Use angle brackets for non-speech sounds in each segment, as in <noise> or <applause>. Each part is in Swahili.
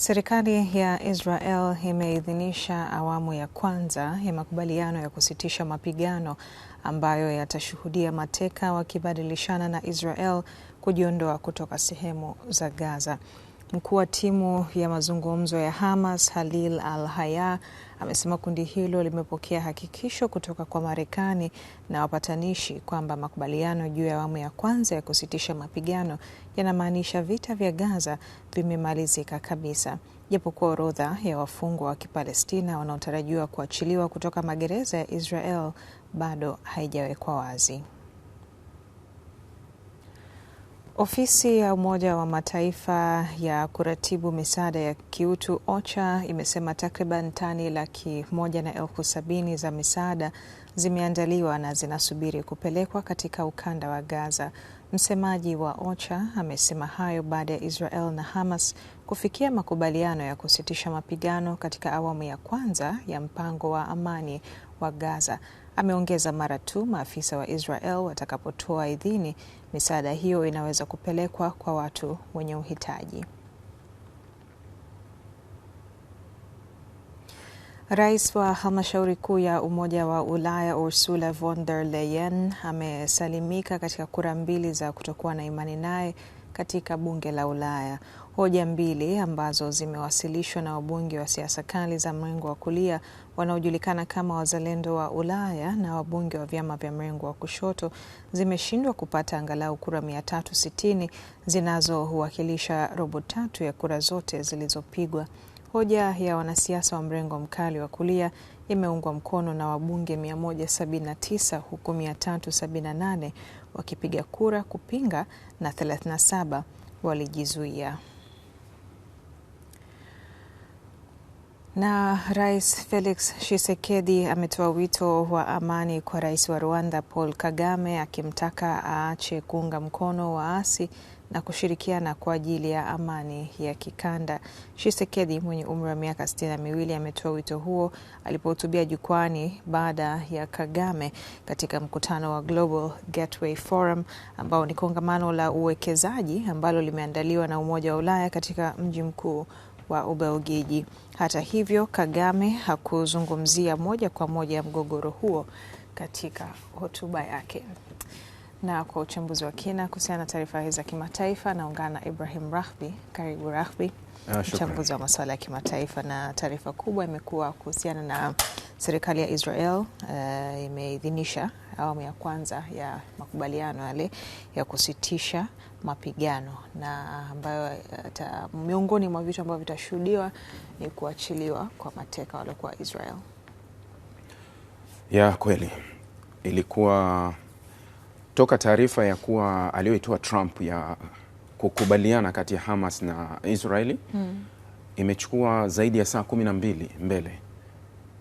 Serikali ya Israel imeidhinisha awamu ya kwanza ya makubaliano ya kusitisha mapigano ambayo yatashuhudia mateka wakibadilishana na Israel kujiondoa kutoka sehemu za Gaza. Mkuu wa timu ya mazungumzo ya Hamas, Halil al-Haya, amesema kundi hilo limepokea hakikisho kutoka kwa Marekani na wapatanishi kwamba makubaliano juu ya awamu ya kwanza ya kusitisha mapigano yanamaanisha vita vya Gaza vimemalizika kabisa, japokuwa orodha ya wafungwa wa Kipalestina wanaotarajiwa kuachiliwa kutoka magereza ya Israel bado haijawekwa wazi. Ofisi ya Umoja wa Mataifa ya kuratibu misaada ya kiutu OCHA imesema takriban tani laki moja na elfu sabini za misaada zimeandaliwa na zinasubiri kupelekwa katika ukanda wa Gaza. Msemaji wa OCHA amesema hayo baada ya Israel na Hamas kufikia makubaliano ya kusitisha mapigano katika awamu ya kwanza ya mpango wa amani wa Gaza. Ameongeza mara tu maafisa wa Israel watakapotoa idhini, misaada hiyo inaweza kupelekwa kwa watu wenye uhitaji. Rais wa halmashauri kuu ya Umoja wa Ulaya Ursula von der Leyen amesalimika katika kura mbili za kutokuwa na imani naye katika bunge la Ulaya. Hoja mbili ambazo zimewasilishwa na wabunge wa siasa kali za mrengo wa kulia wanaojulikana kama wazalendo wa Ulaya na wabunge wa vyama vya mrengo wa kushoto zimeshindwa kupata angalau kura 360 zinazowakilisha robo tatu ya kura zote zilizopigwa. Hoja ya wanasiasa wa mrengo mkali wa kulia imeungwa mkono na wabunge 179 huku 378 wakipiga kura kupinga na 37 walijizuia. Na Rais Felix Tshisekedi ametoa wito wa amani kwa Rais wa Rwanda Paul Kagame akimtaka aache kuunga mkono waasi na kushirikiana kwa ajili ya amani ya kikanda. Tshisekedi mwenye umri wa miaka sitini na miwili ametoa wito huo alipohutubia jukwani baada ya Kagame katika mkutano wa Global Gateway Forum ambao ni kongamano la uwekezaji ambalo limeandaliwa na Umoja wa Ulaya katika mji mkuu wa Ubelgiji. Hata hivyo, Kagame hakuzungumzia moja kwa moja mgogoro huo katika hotuba yake. Na kwa uchambuzi wa kina kuhusiana na taarifa hizi za kimataifa, naungana na Ibrahim Rahbi. Karibu Rahbi, ah, mchambuzi wa masuala ya kimataifa. Na taarifa kubwa imekuwa kuhusiana na serikali ya Israel uh, imeidhinisha awamu ya kwanza ya makubaliano yale ya kusitisha mapigano na ambayo eh, ta, miongoni mwa vitu ambavyo vitashuhudiwa ni kuachiliwa kwa mateka waliokuwa Israel. Ya kweli ilikuwa toka taarifa ya kuwa aliyoitoa Trump ya kukubaliana kati ya Hamas na Israeli hmm. imechukua zaidi ya saa kumi na mbili mbele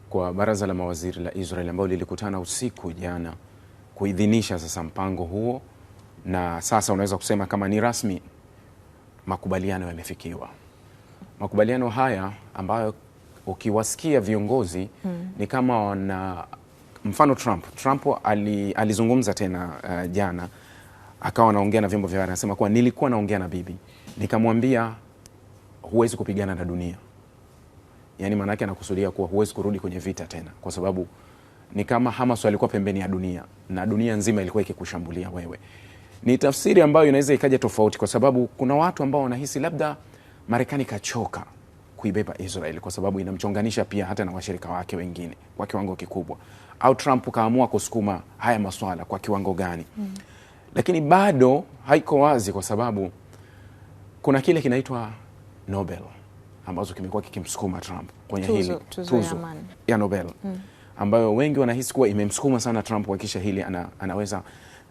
kwa baraza la mawaziri la Israeli ambayo lilikutana usiku jana kuidhinisha sasa mpango huo, na sasa unaweza kusema kama ni rasmi, makubaliano yamefikiwa. Makubaliano haya ambayo ukiwasikia viongozi hmm. ni kama wana mfano Trump, Trump ali, alizungumza tena uh, jana akawa anaongea na vyombo vya habari anasema kuwa nilikuwa naongea na bibi nikamwambia huwezi kupigana na dunia, yaani maana yake anakusudia kuwa huwezi kurudi kwenye vita tena, kwa sababu ni kama Hamas walikuwa pembeni ya dunia na dunia nzima ilikuwa ikikushambulia wewe. Ni tafsiri ambayo inaweza ikaja tofauti, kwa sababu kuna watu ambao wanahisi labda Marekani kachoka kuibeba Israel kwa sababu inamchonganisha pia hata na washirika wake wengine kwa kiwango kikubwa au Trump ukaamua kusukuma haya maswala kwa kiwango gani? mm. Lakini bado haiko wazi kwa sababu kuna kile kinaitwa Nobel ambazo kimekuwa kikimsukuma Trump kwenye tuzo, hili tuzo, tuzo ya, ya Nobel mm. ambayo wengi wanahisi kuwa imemsukuma sana Trump kuhakikisha hili ana, anaweza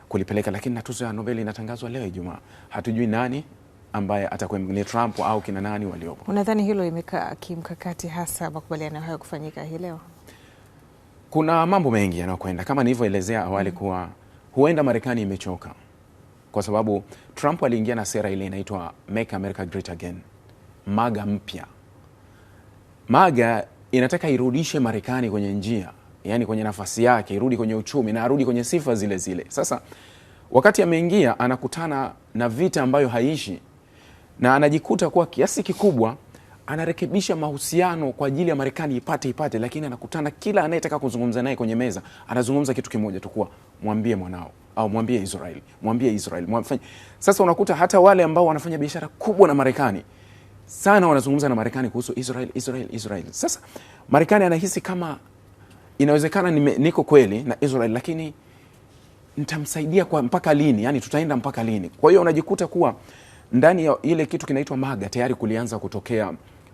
kulipeleka, lakini na tuzo ya Nobel inatangazwa leo Ijumaa, hatujui nani ambaye atakuwa ni Trump au kina nani waliopo. Unadhani hilo imekaa kimkakati hasa makubaliano hayo kufanyika hii leo? Kuna mambo mengi yanayokwenda kama nilivyoelezea awali mm-hmm. kuwa huenda Marekani imechoka kwa sababu Trump aliingia na sera ile inaitwa Make America Great Again, MAGA mpya. MAGA inataka irudishe Marekani kwenye njia, yani kwenye nafasi yake, irudi kwenye uchumi na arudi kwenye sifa zile zile. Sasa wakati ameingia, anakutana na vita ambayo haiishi na anajikuta kuwa kiasi kikubwa anarekebisha mahusiano kwa ajili ya Marekani ipate ipate, lakini anakutana kila anayetaka kuzungumza naye kwenye meza anazungumza kitu kimoja tu, kuwa mwambie mwanao au mwambie Israel, mwambie Israel, mwambie. Sasa unakuta hata wale ambao wanafanya biashara kubwa na Marekani sana wanazungumza na Marekani kuhusu Israel, Israel, Israel. Sasa Marekani anahisi kama inawezekana niko kweli na Israel, lakini nitamsaidia kwa mpaka lini? Yani tutaenda mpaka lini? Kwa hiyo unajikuta kuwa ndani ya ile kitu kinaitwa MAGA tayari kulianza kutokea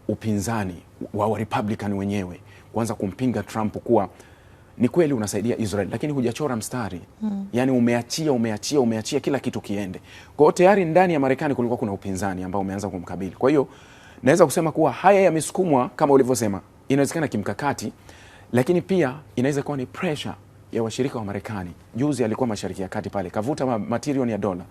upinzani wa, wa Republican wenyewe kuanza kumpinga Trump kuwa ni kweli unasaidia Israel lakini hujachora mstari mm. Yani umeachia umeachia umeachia kila kitu kiende. Kwa hiyo tayari ndani ya Marekani kulikuwa kuna upinzani ambao umeanza kumkabili. Kwa hiyo naweza kusema kuwa haya yamesukumwa kama ulivyosema, inawezekana kimkakati, lakini pia inaweza kuwa ni pressure ya washirika wa Marekani. Juzi alikuwa Mashariki ya Kati pale kavuta matrilioni ya dola.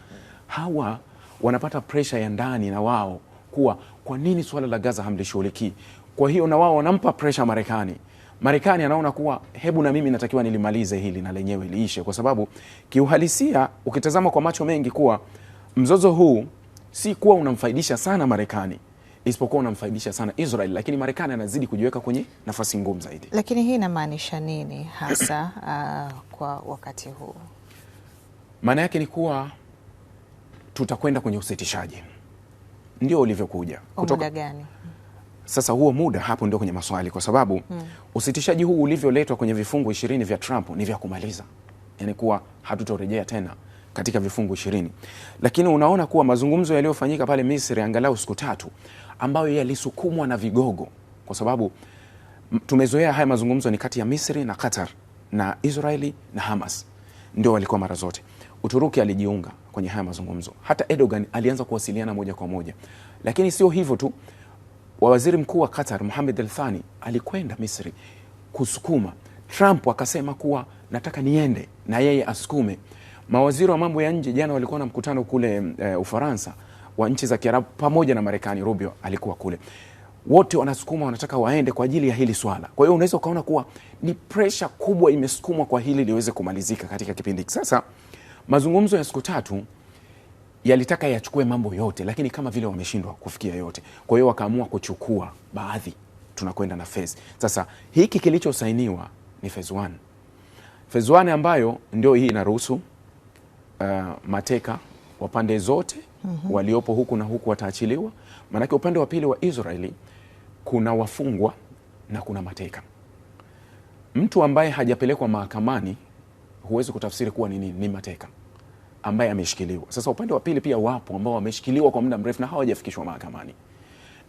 Hawa wanapata pressure ya ndani na wao kuwa kwa nini swala la Gaza hamlishughulikii? Kwa hiyo na wao wanampa presha Marekani. Marekani anaona kuwa hebu na mimi natakiwa nilimalize hili na lenyewe liishe, kwa sababu kiuhalisia, ukitazama kwa macho mengi, kuwa mzozo huu si kuwa unamfaidisha sana Marekani isipokuwa unamfaidisha sana Israel, lakini Marekani anazidi kujiweka kwenye nafasi ngumu zaidi. Lakini hii inamaanisha nini hasa? Uh, kwa wakati huu maana yake ni kuwa tutakwenda kwenye usitishaji ndio ulivyokuja kutoka muda gani? Sasa huo muda hapo ndio kwenye maswali, kwa sababu hmm. usitishaji huu ulivyoletwa kwenye vifungu ishirini vya Trump ni vya kumaliza, yani kuwa hatutorejea tena katika vifungu ishirini, lakini unaona kuwa mazungumzo yaliyofanyika pale Misri angalau siku tatu ambayo yalisukumwa na vigogo, kwa sababu tumezoea haya mazungumzo ni kati ya Misri na Qatar na Israeli na Hamas, ndio walikuwa mara zote. Uturuki alijiunga kwenye haya mazungumzo. Hata Erdogan alianza kuwasiliana moja kwa moja, lakini sio hivyo tu. Waziri mkuu wa Qatar Mohamed Al Thani alikwenda Misri kusukuma Trump, akasema kuwa nataka niende na yeye asukume. Mawaziri wa mambo ya nje jana walikuwa na mkutano kule e, Ufaransa wa nchi za Kiarabu pamoja na Marekani. Rubio alikuwa kule, wote wanasukuma, wanataka waende kwa ajili ya hili swala. Kwa hiyo unaweza ukaona kuwa ni presha kubwa imesukumwa kwa hili liweze kumalizika katika kipindi sasa. Mazungumzo ya siku tatu yalitaka yachukue mambo yote, lakini kama vile wameshindwa kufikia yote, kwa hiyo wakaamua kuchukua baadhi. Tunakwenda na phase sasa. Hiki kilichosainiwa ni phase one, phase one ambayo ndio hii inaruhusu uh, mateka wa pande zote mm -hmm. waliopo huku na huku wataachiliwa, maanake upande wa pili wa Israeli kuna wafungwa na kuna mateka. Mtu ambaye hajapelekwa mahakamani huwezi kutafsiri kuwa ni nini, ni mateka ambaye ameshikiliwa. Sasa upande wa pili pia wapo ambao wameshikiliwa kwa muda mrefu na hawajafikishwa mahakamani,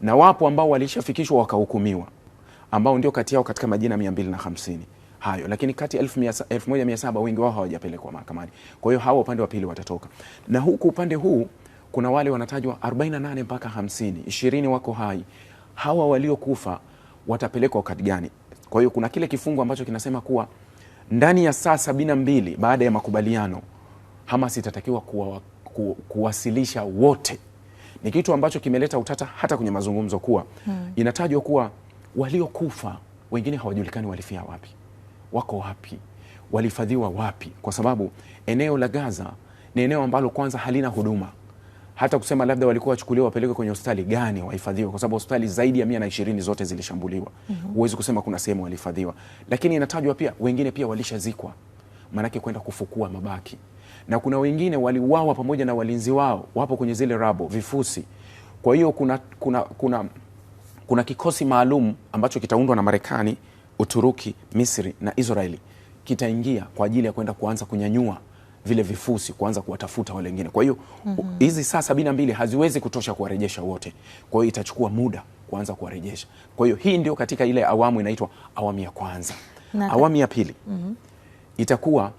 na wapo ambao walishafikishwa wakahukumiwa, ambao ndio kati yao katika majina 250 hayo, lakini kati ya 1700 wengi wao hawajapelekwa mahakamani. Kwa hiyo hawa upande wa pili watatoka, na huku upande huu kuna wale wanatajwa 48 mpaka 50, 20 wako hai. Hawa waliokufa watapelekwa wakati gani? Kwa hiyo kuna kile kifungu ambacho kinasema kuwa ndani ya saa sabini na mbili baada ya makubaliano, Hamas itatakiwa kuwa, ku, kuwasilisha wote. Ni kitu ambacho kimeleta utata hata kwenye mazungumzo kuwa hmm. Inatajwa kuwa waliokufa wengine hawajulikani walifia wapi, wako wapi, walihifadhiwa wapi, kwa sababu eneo la Gaza ni eneo ambalo kwanza halina huduma hata kusema labda walikuwa wachukuliwa wapelekwe kwenye hospitali gani wahifadhiwe, kwa sababu hospitali zaidi ya mia na ishirini zote zilishambuliwa. mm -hmm. kusema kuna sehemu walihifadhiwa, lakini inatajwa pia wengine pia walishazikwa, maanake kwenda kufukua mabaki, na kuna wengine waliuawa pamoja na walinzi wao, wapo kwenye zile rabo vifusi. Kwa hiyo kuna, kuna, kuna, kuna kikosi maalum ambacho kitaundwa na Marekani, Uturuki, Misri na Israeli kitaingia kwa ajili ya kwenda kuanza kunyanyua vile vifusi kuanza kuwatafuta wale wengine. Kwa hiyo mhm. hizi mm -hmm. saa sabini na mbili haziwezi kutosha kuwarejesha wote, kwa hiyo itachukua muda kuanza kuwarejesha. Kwa hiyo hii ndio katika ile awamu inaitwa awamu ya kwanza Naka. awamu ya pili mm -hmm. itakuwa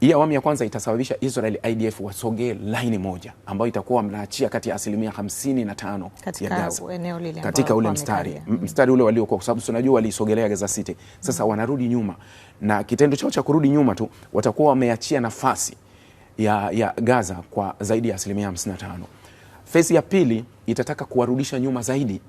hii awamu ya kwanza itasababisha Israel IDF wasogee laini moja ambayo itakuwa mnaachia kati ya asilimia 55 katika ya Gaza eneo lile katika ule mstari mm. mstari ule waliokuwa, kwa sababu tunajua walisogelea Gaza City. Sasa mm. -hmm. wanarudi nyuma, na kitendo chao cha kurudi nyuma tu watakuwa wameachia nafasi ya, ya Gaza kwa zaidi ya asilimia 55. Fezi ya pili itataka kuwarudisha nyuma zaidi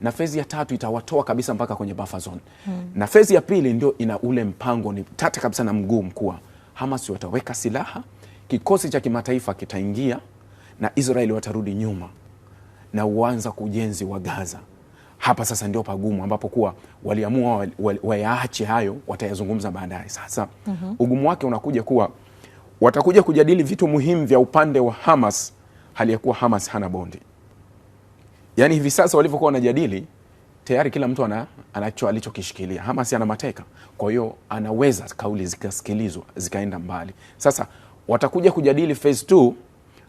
na fezi ya tatu itawatoa kabisa mpaka kwenye buffer zone. Hmm. Na fezi ya pili ndio ina ule mpango ni tata kabisa na mguu mkuu. Hamas wataweka silaha, kikosi cha kimataifa kitaingia na Israeli watarudi nyuma na uanza kujenzi wa Gaza. Hapa sasa ndio pagumu ambapo kuwa waliamua wayaache wali, wali, hayo, watayazungumza baadaye. Sasa mm -hmm. ugumu wake unakuja kuwa watakuja kujadili vitu muhimu vya upande wa Hamas hali ya kuwa Hamas hana bondi. Yaani hivi sasa walivyokuwa wanajadili tayari kila mtu ana anacho alichokishikilia. Hamas ana mateka, kwa hiyo anaweza kauli zikasikilizwa zikaenda mbali. Sasa watakuja kujadili phase 2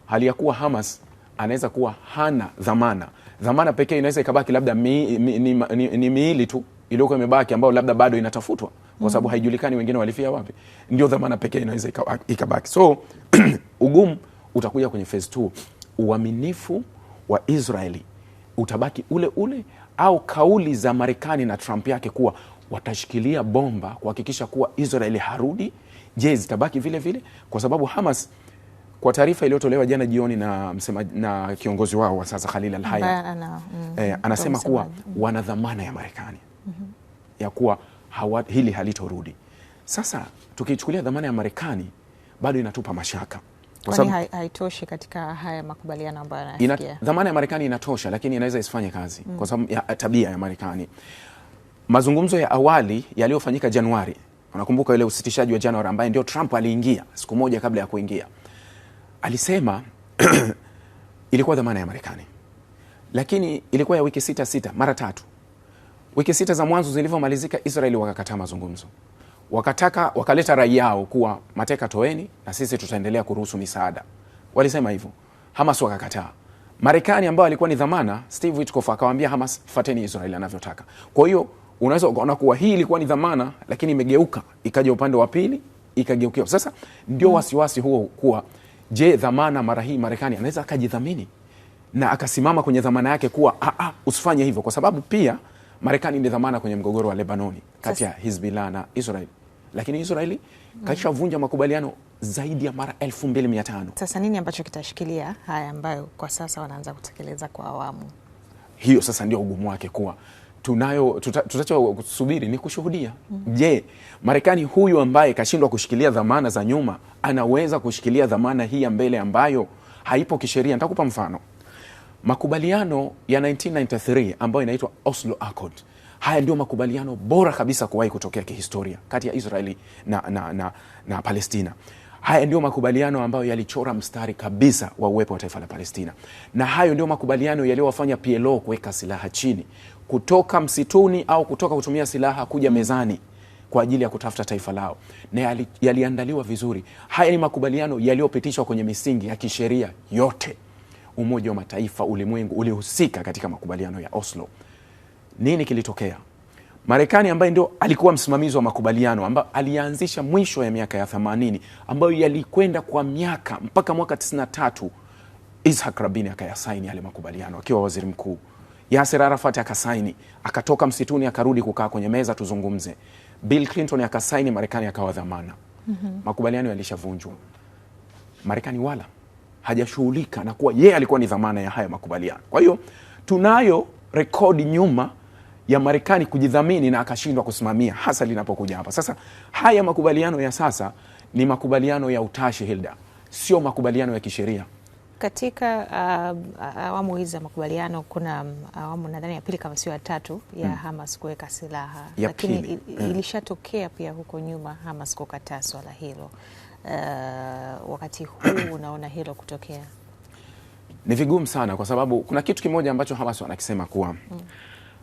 hali ya kuwa Hamas anaweza kuwa hana dhamana. Dhamana pekee inaweza ikabaki labda mi, mi, ni, ni, ni miili tu iliyokuwa imebaki ambayo labda bado inatafutwa kwa sababu mm. haijulikani wengine walifia wapi. Ndio dhamana pekee inaweza ikabaki. So <clears throat> ugumu utakuja kwenye phase 2. Uaminifu wa Israeli utabaki ule ule, au kauli za Marekani na Trump yake kuwa watashikilia bomba kuhakikisha kuwa Israeli harudi, je, zitabaki vile vile? Kwa sababu Hamas kwa taarifa iliyotolewa jana jioni na, msema, na kiongozi wao wa sasa Khalil al-Hayat, mm, eh, anasema kuwa wana dhamana ya Marekani mm -hmm. ya kuwa hawa, hili halitorudi. Sasa tukichukulia dhamana ya Marekani bado inatupa mashaka kwa sababu haitoshi katika haya makubaliano ambayo yanafikia. Dhamana ya Marekani inatosha, lakini inaweza isifanye kazi mm, kwa sababu ya tabia ya Marekani. Mazungumzo ya awali yaliyofanyika Januari, unakumbuka ile usitishaji wa Januari ambaye ndio Trump aliingia siku moja kabla ya kuingia, alisema <clears throat> ilikuwa dhamana ya Marekani, lakini ilikuwa ya wiki sita sita mara tatu wiki sita za mwanzo zilivyomalizika, Israeli wakakataa mazungumzo, wakataka wakaleta rai yao kuwa mateka toeni, na sisi tutaendelea kuruhusu misaada. Walisema hivyo, Hamas wakakataa. Marekani ambayo alikuwa ni dhamana, Steve witkof akawambia Hamas, fateni Israeli anavyotaka. Kwa hiyo unaweza ukaona kuwa hii ilikuwa ni dhamana, lakini imegeuka ikaja upande wa pili ikageukiwa Sasa ndio hmm. wasiwasi huo kuwa je, dhamana mara hii Marekani anaweza akajidhamini na akasimama kwenye dhamana yake kuwa ah, ah, usifanye hivyo, kwa sababu pia Marekani ni dhamana kwenye mgogoro wa Lebanoni kati ya Hizbillah na israel lakini Israeli kaishavunja makubaliano zaidi ya mara tano. Sasa nini ambacho kitashikilia haya ambayo kwa sasa wanaanza kutekeleza kwa awamu hiyo? Sasa ndio ugumu wake kuwa tunayo tutachosubiri tuta ni kushuhudia. mm -hmm. Je, Marekani huyu ambaye kashindwa kushikilia dhamana za nyuma anaweza kushikilia dhamana hii ya mbele ambayo haipo kisheria? Nitakupa mfano. Makubaliano ya 1993 ambayo inaitwa Oslo Accord, haya ndio makubaliano bora kabisa kuwahi kutokea kihistoria kati ya Israeli na, na, na, na Palestina. Haya ndio makubaliano ambayo yalichora mstari kabisa wa uwepo wa taifa la Palestina, na hayo ndio makubaliano yaliyowafanya PLO kuweka silaha chini, kutoka msituni au kutoka kutumia silaha kuja mezani kwa ajili ya kutafuta taifa lao, na yali, yaliandaliwa vizuri. Haya ni makubaliano yaliyopitishwa kwenye misingi ya kisheria yote Umoja wa Mataifa, ulimwengu ulihusika katika makubaliano ya Oslo. Nini kilitokea? Marekani ambaye ndio alikuwa msimamizi wa makubaliano ambayo alianzisha mwisho ya miaka ya 80 ambayo yalikwenda kwa miaka mpaka mwaka 93, Ishak Rabin akayasaini yale makubaliano akiwa waziri mkuu. Yasser Arafat akasaini, akatoka msituni, akarudi kukaa kwenye meza tuzungumze. Bill Clinton akasaini, Marekani akawa dhamana. mm -hmm. Makubaliano yalishavunjwa Marekani wala hajashughulika na kuwa yeye alikuwa ni dhamana ya haya makubaliano. Kwa hiyo tunayo rekodi nyuma ya Marekani kujidhamini na akashindwa kusimamia hasa linapokuja hapa sasa. Haya makubaliano ya sasa ni makubaliano ya utashi, Hilda, sio makubaliano ya kisheria. Katika uh, uh awamu hizi za makubaliano kuna um, awamu nadhani ya pili kama sio ya tatu ya mm. Hamas kuweka silaha lakini, mm. ilishatokea pia huko nyuma Hamas kukataa swala hilo uh, wakati huu unaona hilo kutokea? Ni vigumu sana, kwa sababu kuna kitu kimoja ambacho Hamas wanakisema kuwa mm.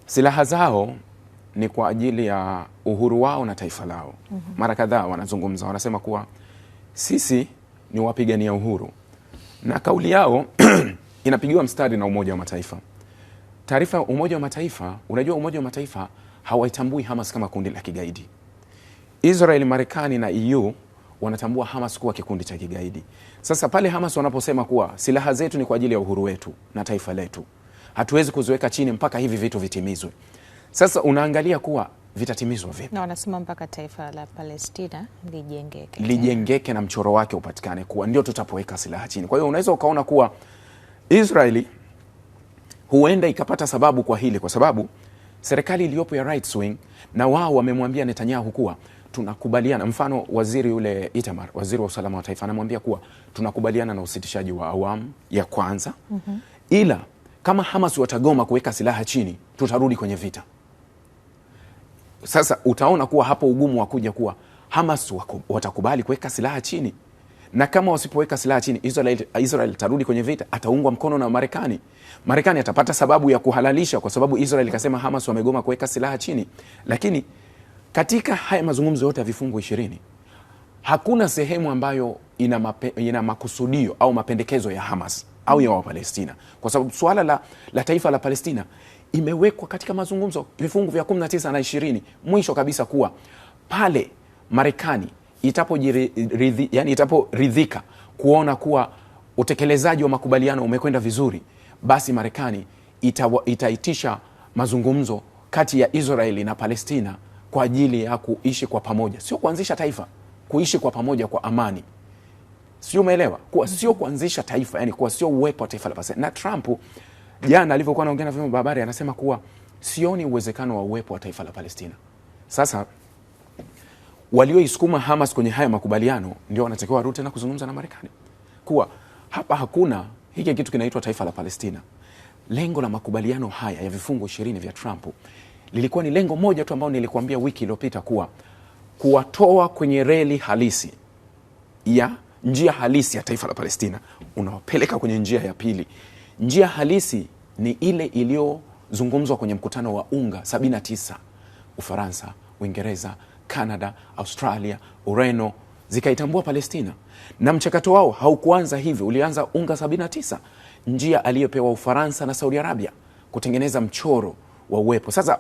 silaha zao ni kwa ajili ya uhuru wao na taifa lao mm -hmm. Mara kadhaa wanazungumza, wanasema kuwa sisi ni wapigania uhuru, na kauli yao <clears throat> inapigiwa mstari na Umoja wa Mataifa. Taarifa ya Umoja wa Mataifa, unajua Umoja wa Mataifa hawaitambui Hamas kama kundi la kigaidi. Israel, Marekani na EU wanatambua Hamas kuwa kikundi cha kigaidi. Sasa pale Hamas wanaposema kuwa silaha zetu ni kwa ajili ya uhuru wetu na taifa letu, hatuwezi kuziweka chini mpaka hivi vitu vitimizwe. Sasa unaangalia kuwa vitatimizwa vipi? Na wanasema mpaka taifa la Palestina lijengeke, lijengeke na mchoro wake upatikane, kuwa ndio tutapoweka silaha chini. Kwa hiyo unaweza ukaona kuwa Israeli huenda ikapata sababu kwa hili, kwa sababu serikali iliyopo ya right wing na wao wamemwambia Netanyahu kuwa tunakubaliana. Mfano waziri yule Itamar, waziri wa usalama wa taifa, anamwambia kuwa tunakubaliana na usitishaji wa awamu ya kwanza mm -hmm. ila kama Hamas watagoma kuweka silaha chini, tutarudi kwenye vita. Sasa utaona kuwa hapo ugumu wa kuja kuwa Hamas watakubali kuweka silaha chini, na kama wasipoweka silaha chini, Israel Israel itarudi kwenye vita, ataungwa mkono na Marekani. Marekani atapata sababu ya kuhalalisha, kwa sababu Israel ikasema Hamas wamegoma kuweka silaha chini, lakini katika haya mazungumzo yote ya vifungu ishirini hakuna sehemu ambayo ina, mape, ina makusudio au mapendekezo ya Hamas au ya Wapalestina, kwa sababu suala la, la taifa la Palestina imewekwa katika mazungumzo vifungu vya 19 na 20 mwisho kabisa kuwa pale Marekani itaporidhika yani itapo kuona kuwa utekelezaji wa makubaliano umekwenda vizuri, basi Marekani itaitisha mazungumzo kati ya Israeli na Palestina kwa ajili ya kuishi kwa pamoja, sio kuanzisha taifa, kuishi kwa pamoja kwa amani, sio umeelewa, kuwa mm-hmm. sio kuanzisha taifa, yani kuwa sio uwepo wa taifa la Palestina. Na Trump jana alivyokuwa anaongea na vyombo vya habari, anasema kuwa sioni uwezekano wa uwepo wa taifa la Palestina. Sasa walioisukuma Hamas kwenye haya makubaliano ndio wanatakiwa warudi tena kuzungumza na Marekani kuwa hapa hakuna hiki kitu kinaitwa taifa la Palestina. Lengo la makubaliano haya ya vifungu ishirini vya Trump lilikuwa ni lengo moja tu ambayo nilikuambia wiki iliyopita kuwa kuwatoa kwenye reli halisi ya njia halisi ya taifa la Palestina, unawapeleka kwenye njia ya pili. Njia halisi ni ile iliyozungumzwa kwenye mkutano wa UNGA 79 Ufaransa, Uingereza, Canada, Australia, Ureno zikaitambua Palestina, na mchakato wao haukuanza hivyo, ulianza UNGA 79, njia aliyopewa Ufaransa na Saudi Arabia kutengeneza mchoro uwepo. Sasa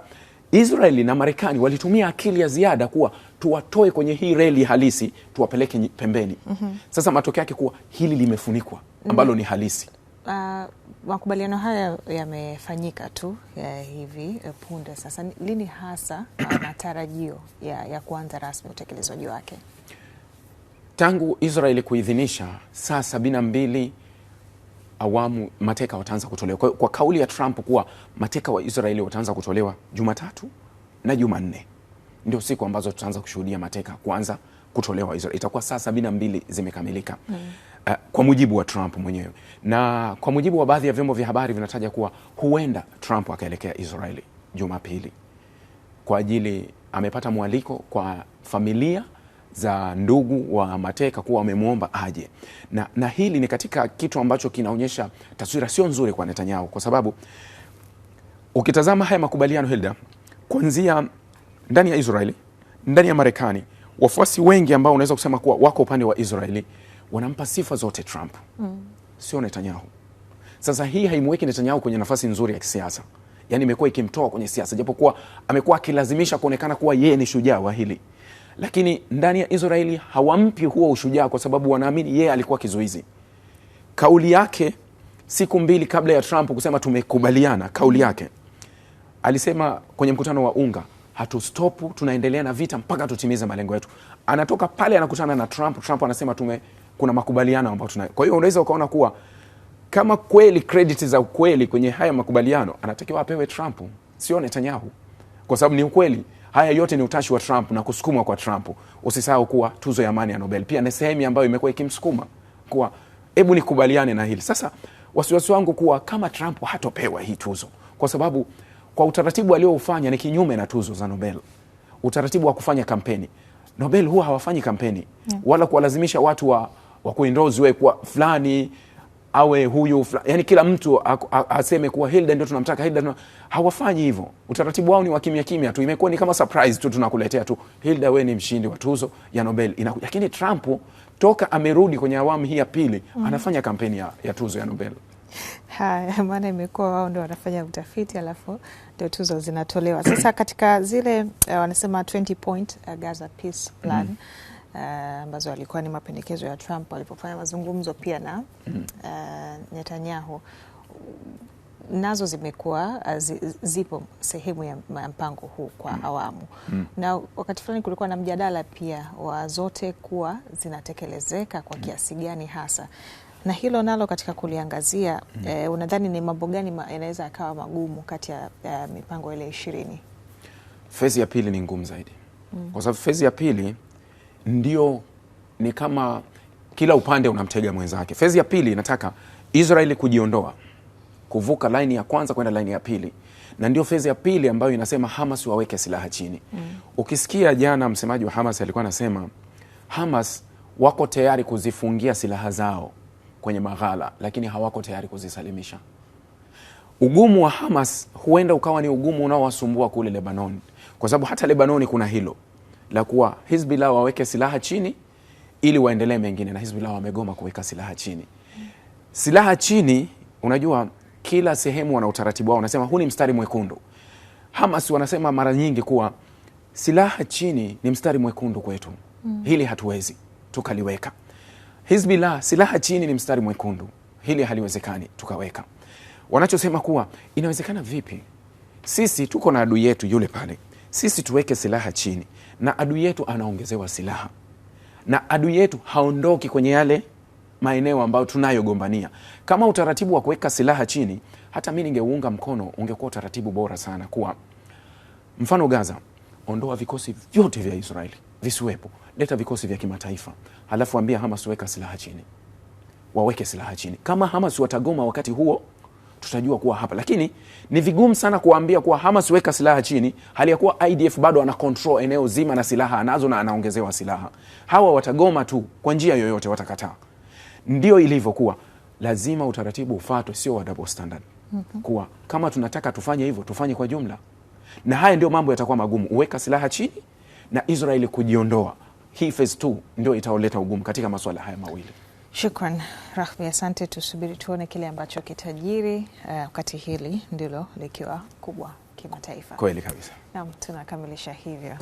Israeli na Marekani walitumia akili ya ziada kuwa tuwatoe kwenye hii reli halisi tuwapeleke pembeni. mm -hmm. Sasa matokeo yake kuwa hili limefunikwa ambalo mm -hmm. ni halisi. Mm-hmm. Uh, makubaliano haya yamefanyika tu ya hivi uh, punde. Sasa lini hasa uh, <clears throat> matarajio ya, ya kuanza rasmi utekelezwaji wake? Tangu Israeli kuidhinisha saa sabini na mbili awamu mateka wataanza kutolewa. Kwa, kwa kauli ya Trump kuwa mateka wa Israeli wataanza kutolewa Jumatatu na Jumanne ndio siku ambazo tutaanza kushuhudia mateka kuanza kutolewa Israeli. Itakuwa saa sabini na mbili zimekamilika mm. Uh, kwa mujibu wa Trump mwenyewe na kwa mujibu wa baadhi ya vyombo vya habari vinataja kuwa huenda Trump akaelekea Israeli Jumapili kwa ajili amepata mwaliko kwa familia za ndugu wa mateka kuwa wamemwomba aje na, na hili ni katika kitu ambacho kinaonyesha taswira sio nzuri kwa Netanyahu, kwa sababu ukitazama haya makubaliano Hilda, kuanzia ndani ya Israeli, ndani ya Marekani, wafuasi wengi ambao unaweza kusema kuwa wako upande wa Israeli wanampa sifa zote Trump mm. sio Netanyahu. Sasa hii haimweki Netanyahu kwenye nafasi nzuri ya kisiasa, yaani imekuwa ikimtoa kwenye siasa, japokuwa amekuwa akilazimisha kuonekana kuwa yeye ni shujaa wa hili lakini ndani ya Israeli hawampi huo ushujaa kwa sababu wanaamini yeye alikuwa kizuizi. Kauli yake siku mbili kabla ya Trump kusema tumekubaliana, kauli yake alisema kwenye mkutano wa UNGA hatustopu, tunaendelea na vita mpaka tutimize malengo yetu. Anatoka pale anakutana na Trump, Trump anasema tume, kuna makubaliano ambayo tuna. Kwa hiyo unaweza ukaona kuwa kama kweli krediti za ukweli kwenye haya makubaliano anatakiwa apewe Trump, sio Netanyahu, kwa sababu ni ukweli. Haya yote ni utashi wa Trump na kusukumwa kwa Trump. Usisahau kuwa tuzo ya amani ya Nobel pia ni sehemu ambayo imekuwa ikimsukuma kuwa hebu nikubaliane na hili. Sasa wasiwasi wangu kuwa kama Trump hatopewa hii tuzo, kwa sababu kwa utaratibu aliofanya ni kinyume na tuzo za Nobel, utaratibu wa kufanya kampeni. Nobel huwa hawafanyi kampeni wala kuwalazimisha watu wa, wa kuindoziwe fulani awe huyu yani, kila mtu aseme kuwa Hilda ndio tunamtaka Hilda tuna... hawafanyi hivyo. Utaratibu wao ni wa kimya kimya tu, imekuwa ni kama surprise tu, tunakuletea tu Hilda, we ni mshindi wa tuzo ya Nobel inakuja. Lakini Trump toka amerudi kwenye awamu hii ya pili mm. anafanya kampeni ya, ya tuzo ya Nobel. Haya, <laughs> maana imekuwa wao ndio wanafanya utafiti alafu ndio tuzo zinatolewa. Sasa katika zile uh, wanasema 20 point uh, Gaza Peace Plan mm. Eh, ambazo uh, alikuwa ni mapendekezo ya Trump alipofanya mazungumzo pia na uh, Netanyahu nazo zimekuwa eh, zipo sehemu ya mpango huu kwa mm. awamu mm. Na wakati fulani kulikuwa na mjadala pia wa zote kuwa zinatekelezeka kwa mm. kiasi gani hasa, na hilo nalo katika kuliangazia mm. Eh, unadhani ni mambo gani yanaweza yakawa magumu kati ya mipango ile ishirini? Fezi ya pili ni ngumu zaidi mm. Kwa sababu fezi ya pili ndio ni kama kila upande unamtega mwenzake. Fezi ya pili inataka Israeli kujiondoa kuvuka laini ya kwanza kwenda laini ya pili, na ndio fezi ya pili ambayo inasema Hamas waweke silaha chini mm. Ukisikia jana msemaji wa Hamas alikuwa anasema Hamas wako tayari kuzifungia silaha zao kwenye maghala, lakini hawako tayari kuzisalimisha. Ugumu wa Hamas huenda ukawa ni ugumu unaowasumbua kule Lebanon, kwa sababu hata Lebanoni kuna hilo la kuwa Hizbullah waweke silaha chini ili waendelee mengine, na Hizbullah wamegoma kuweka silaha chini. Silaha chini, unajua kila sehemu wana utaratibu wao, wanasema huu ni mstari mwekundu. Hamas wanasema mara nyingi kuwa silaha chini ni mstari mwekundu kwetu, mm. hili hatuwezi tukaliweka. Hizbullah, silaha chini ni mstari mwekundu, hili haliwezekani tukaweka. Wanachosema kuwa inawezekana vipi, sisi tuko na adui yetu yule pale sisi tuweke silaha chini, na adui yetu anaongezewa silaha, na adui yetu haondoki kwenye yale maeneo ambayo tunayogombania. Kama utaratibu wa kuweka silaha chini, hata mi ningeuunga mkono, ungekuwa utaratibu bora sana. Kuwa mfano Gaza, ondoa vikosi vyote vya Israeli visiwepo, leta vikosi vya kimataifa, halafu ambia Hamas weka silaha chini, waweke silaha chini. Kama Hamas watagoma wakati huo tutajua kuwa hapa, lakini ni vigumu sana kuwaambia kuwa Hamas weka silaha chini, hali ya kuwa IDF bado ana kontrol eneo zima na silaha anazo na anaongezewa silaha. Hawa watagoma tu kwa njia yoyote, watakataa. Ndio ilivyokuwa, lazima utaratibu ufatwe sio wa double standard. mm -hmm. Kuwa kama tunataka tufanye hivyo, tufanye kwa jumla, na haya ndio mambo yatakuwa magumu, uweka silaha chini na Israeli kujiondoa. Hii phase 2 ndio itaoleta ugumu katika masuala haya mawili. Shukran rahmi asante. Tusubiri tuone kile ambacho kitajiri eh, wakati uh, hili ndilo likiwa kubwa kimataifa. Kweli kabisa. Naam, tunakamilisha hivyo